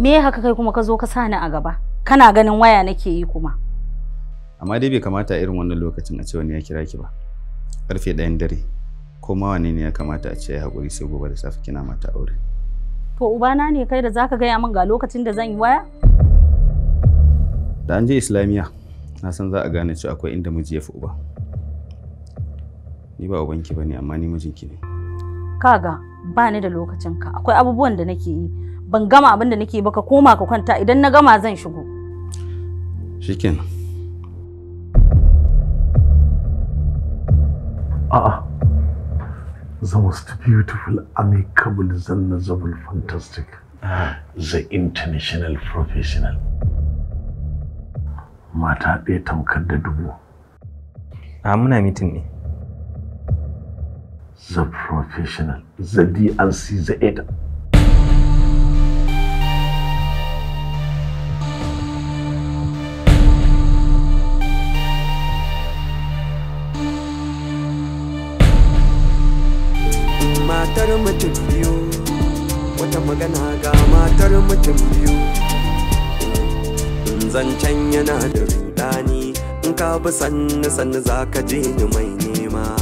me haka kai kuma ka zo ka sa ni a gaba kana ganin waya nake yi kuma amma dai bai kamata irin wannan lokacin a ce wani ya kira ki ba karfe ɗayan dare ko ma wane ne ya kamata a ce ya haƙuri sai gobe da safe kina mata aure to ubana ne kai da zaka gaya min ga lokacin da zan yi waya da an je islamiya na san za a gane cewa akwai inda miji ya fi uba ni ba ubanki ba ne amma ni mijinki ne kaga ba ni da lokacinka akwai abubuwan da nake yi ban gama abin da nake ba ka koma ka kwanta idan na gama zan shigo shikenan a'a the most beautiful amicable zanazable fantastic the international professional mata ɗaya tamkar da dubu a muna mitin ne the professional the dlc the 8 matar mutum biyu wata magana ga matar mutum biyu zancen yana da rudani in ka bi sannu sannu za ka je ni mai nema